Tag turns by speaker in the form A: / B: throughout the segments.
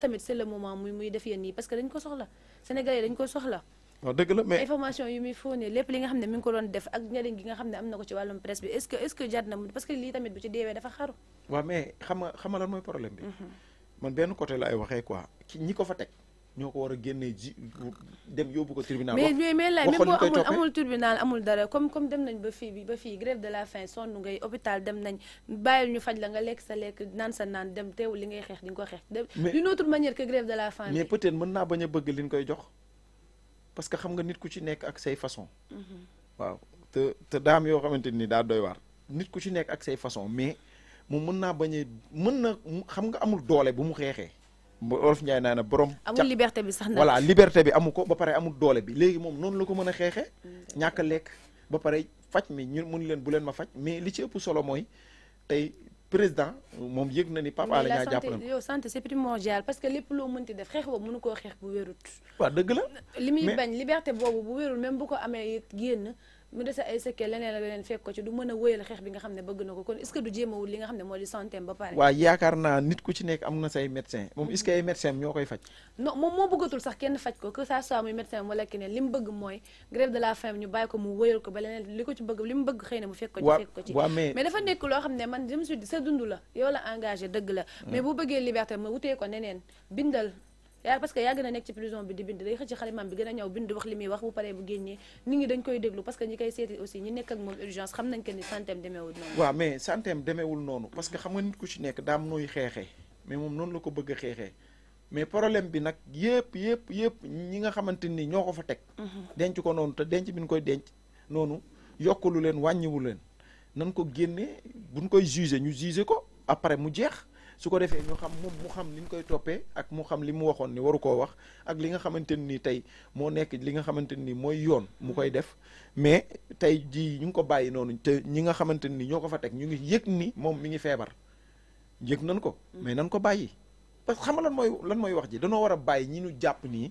A: tamit c'est le moment muy muy def yéen yi parce que dañ ko soxla sénégalais dañ ko soxla
B: waaw dëgg la mais
A: information yu muy fóone lépp li nga xam ne mi ngi ko doon def ak njëriñ gi nga xam ne am na ko ci wàllum presse bi est ce que est ce que jar na parce que lii tamit bu ci deewee dafa xaru
B: waaw mais xam mooy problème bi mhm. man benn côté la ay waxee quoi ñi ko fa teg ñoo ko war a génnee ji dem yóbbu ko tribunal. mais mais même boo amul amul
A: tribunal amul dara comme comme dem nañ ba fii bi ba fii grève de la faim sonn ngay hôpital dem nañ bàyyil ñu faj la nga lekk sa lekk naan sa naan dem teewul li ngay xeex di nga ko xeex. mais d'une autre manière que grève de la faim. mais
B: peut-être mën naa bañ a bëgg li ñu koy jox parce que xam nga nit ku ci nekk ak say façon. Mhm. waaw te te daam yoo xamante ni daa doy waar. nit ku ci nekk ak say façon mais mu mën naa bañ a mën na xam nga amul doole bu mu xeexee. Wolof Njaay naa na borom. amul
A: liberté bi sax na voilà liberté
B: bi amu ko ba pare amul doole bi léegi moom noonu la ko mën a xeexee. ñàkk lekk ba pare faj mi ñu mun leen bu leen ma faj mais li ci ëpp solo mooy tey président moom yëg na ni Pape Alé Niang jàpp na yow
A: santé c'est primordial parce que lépp loo mën mënti def xeex boobu mënu koo xeex bu wérut.
B: waaw dëgg la li muy bañ
A: liberté boobu bu wérul même bu ko amee génn. mu dese ay sekkee leneen la leneen fekk ko ci du mën a wóyal xeex bi nga xam ne bëgg na ko kon est-ce que du jéemawul li nga xam ne moo di santé ba pare waaw
B: yaakaar naa nit ko
A: que ça soit muy médecin wala keneen li mu bëgg mooy grève de la faim ñu bàyyi ko ba leneen li ko bëgg li mu bëgg xëy na mu fekk ko ci fekk ko ci mais dafa ne man je me suis dit sa dund la yow la engagé dëgg la hmm. mais bu bëggee liberté ma wutee ko neneen bindal yaa parce que yàgg na nekk ci prison bi di bind day xëcc xalimaam bi gën a ñëw bind wax li muy wax bu paree bu génnee nit ñi dañ koy déglu parce ñi koy seeti aussi ñi nekk ak moom urgence xam nañ que ni santeem demeewul noonu
B: waaw xam nga nit ku ci nekk daam nooy xeexee mais moom noonu la ko bëgg a xeexee mais problème bi nag yëpp yëpp ñi nga xamante ni ñoo ko fa teg mhm. denc ko noonu te denc bi ñu koy denc noonu yokkulu leen wàññiwu leen nan ko génnee buñ koy juger ñu juger ko après mu jeex su ko defee ñu xam moom mu xam li ñu koy toppee ak mu xam li mu waxoon ni waru koo wax ak li nga xamante nii tey moo nekk li nga xamante nii mooy yoon mu koy def mais tey jii ñu ngi ko bàyyi noonu te ñi nga xamante nii ñoo ko fa teg ñu ngi yëg nii moom mi ngi feebar yëg nan ko mais nan ko bàyyi parce que xam lan mooy lan mooy wax ji danoo war a bàyyi ñi ñu jàpp nii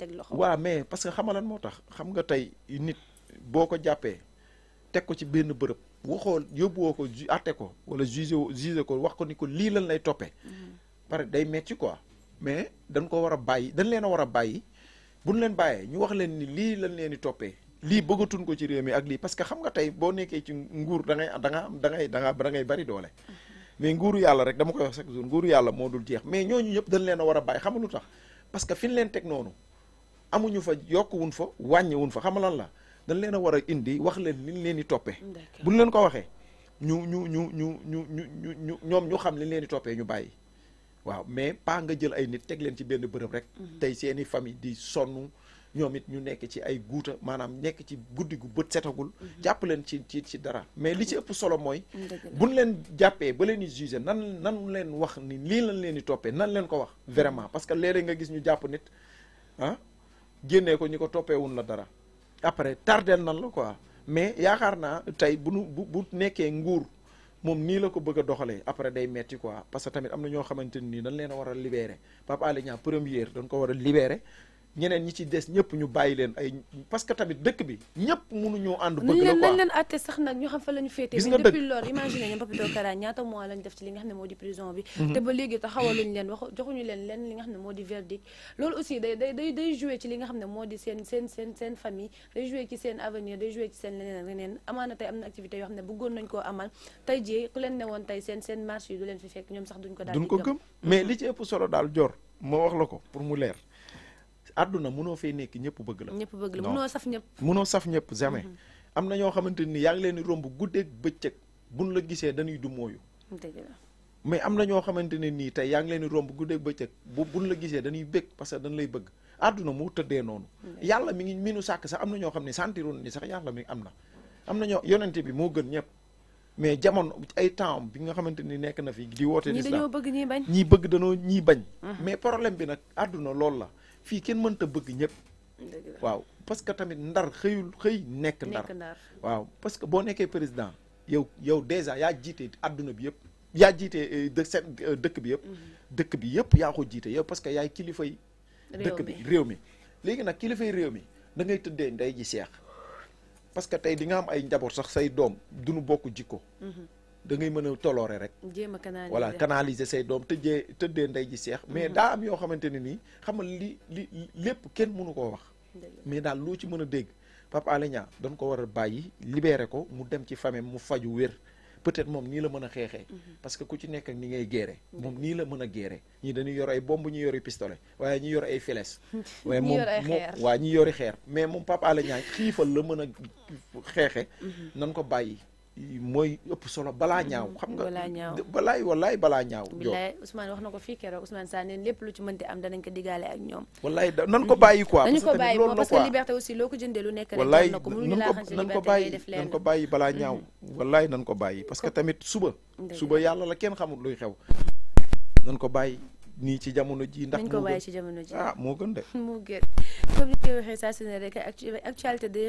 B: teg loxo. waaw mais parce que xam nga lan moo tax xam nga tey nit boo ko jàppee teg ko ci benn bërëb waxoo yóbbuwoo ko ju àtte ko wala jugé jugé ko wax ko ni ko lii lan lay toppee. Mm-hmm. pare day metti quoi mais dañ ko war a bàyyi dañ leen a war bàyyi bu leen bàyyee ñu wax leen ni lii lan leen di toppee. lii bëggatuñ ko ci réew mi ak lii parce que xam nga tey boo nekkee ci nguur da nga am da ngay da nga da ngay bari doole. Mm-hmm. mais nguuru yàlla rek dama koy wax chaque jour nguuru yàlla moo dul jeex mais ñooñu ñëpp dañ leen a war a bàyyi xam lu tax parce que fi ñu leen te noonu. amuñu fa yokk yokkuwun fa wàññiwun fa xamalan la dañ leen a war a indi wax leen liñ leen di toppee buñ leen ko waxee ñu ñu ñu ñu ñu ñu ñu ñu ñoom ñu xam liñ leen di toppee ñu bàyyi waaw mais pas nga jël ay nit teg leen ci benn bërëb rek mhm. tey seeni famille di sonn ñoom it ñu nekk ci ay guuta maanaam nekk ci guddi gu bët setagul mhm. jàpp leen ci ci ci dara mais li ci ëpp solo mooy buñ leen jàppee ba leen di jugé nan nan leen wax ni lii lañ leen di toppee nan leen ko wax vraiment parce que léeg nga gis ñu jàpp nit ah génnee ko ñi ko toppeewun la dara après tardeel nan la quoi mais yaakaar naa tey bu nu bu bu nekkee nguur moom nii la ko bëgg a doxalee après day metti quoi parce que tamit am na ñoo xamante ni dañ leen a war a libérer Pape Alé première dañ ko war a libérer ñeneen ñi ci des ñëpp ñu bàyyi leen ay parce que tamit dëkk bi ñëpp mënuñoo ànd bëgg la
A: quoi sax nag ñu xam fa la ñu mois lañ def ci li nga xam ne moo di prison bi mhm. leen wax joxuñu leen ne moo di verdict loolu aussi day day day day joué ci moo di seen seen seen seen famille seen avenir day joué activité yoo ne bëggoon nañ koo amal tey jii ku leen ne woon tey seen seen marché yi du leen fi fekk ñoom sax duñ ko daal duñ ko gëm
B: mais mhm. li ci ëpp solo daal jor moo wax la ko pour mu leer àdduna munoo fee nekk ñëpp bëgg la. ñëpp bëgg la mënoo saf ñëpp. mënoo saf ñëpp jamais. Mhm. am na ñoo xamante ni yaa ngi leen di romb guddeeg bëccëg buñ la gisee dañuy du mooyu mais am na ñoo xamante ne nii tey yaa ngi leen romb guddeeg bëccëg bu buñ la gisee dañuy bëgg parce que dañ lay bëgg àdduna mu tëddee noonu. yàlla mi ngi minu sàkk sax am na ñoo xam ne sentiroon ni sax yàlla mi am na. am na ñoo yonent bi moo gën ñëpp mais jamono ay temps bi nga xamante ni nekk na fii di woote. lislaam ñii dañoo
A: bëgg ñii bañ ñii
B: bëgg danoo ñii bañ. Mhm. mais problème bi nag àdduna loolu la fii kenn mënta bëgg ñëpp. waaw parce que tamit ndar xëyul xëy nekk ndar. waaw parce que boo nekkee président yow yow déjà yaa jiitee àdduna bi yëpp. yaa jiite euh, euh, dëkk bi yëpp. Mhm. dëkk bi yëpp yaa ko jiite yow parce que yaay kilifay. dëkk bi réew mi léegi nag kilifay réew mi da ngay tëddee ndey ji seex parce que tey di nga am ay njaboot sax say doom duñu bokk jikko. Mhm. da ngay mën a toloore rek.
A: jéem a voilà
B: canaliser say doom tëjee tëddee ndey ji seex. Mhm. mais daa am yoo xamante ne nii xam nga li li lépp kenn mënu koo wax. mais daal loo ci mën a dégg Papa Alé Niang dañ ko war a bàyyi libéré ko mu dem ci famille mu faju wér. peut-être moom nii la mën a xeexee. Mhm. parce que ku ci nekk ak ni ngay geere moom nii la mën a geere ñii dañuy yor ay bomb ñi yori pistolet waaye ñi yor ay files. waaye moom moom waa ñi yori xeer. mais moom Papa Alé Niang xiifal la mën a xeexe. Mhm. nan ko bàyyi. mooy ëpp solo balaa ñaaw. Mm-hmm. xam nga balaa ñaaw balaa ñaaw. bilaay
A: Ousmane wax na ko fii keroog Ousmane Sane lépp lu ci mënti am danañ ko digaale ak ñoom.
B: walaay da nan ko bàyyi la quoi
A: ko jëndee nan ko
B: bàyyi balaa ñaaw. Mm-hmm. walaay nan ko bàyyi parce que tamit suba. suba yàlla la kenn xamul luy xew. nan ko bàyyi. nii ci jamono ji ndax ko bàyyi ci jamono ah, gën de moo gën
A: comme saa su ne rek actualité day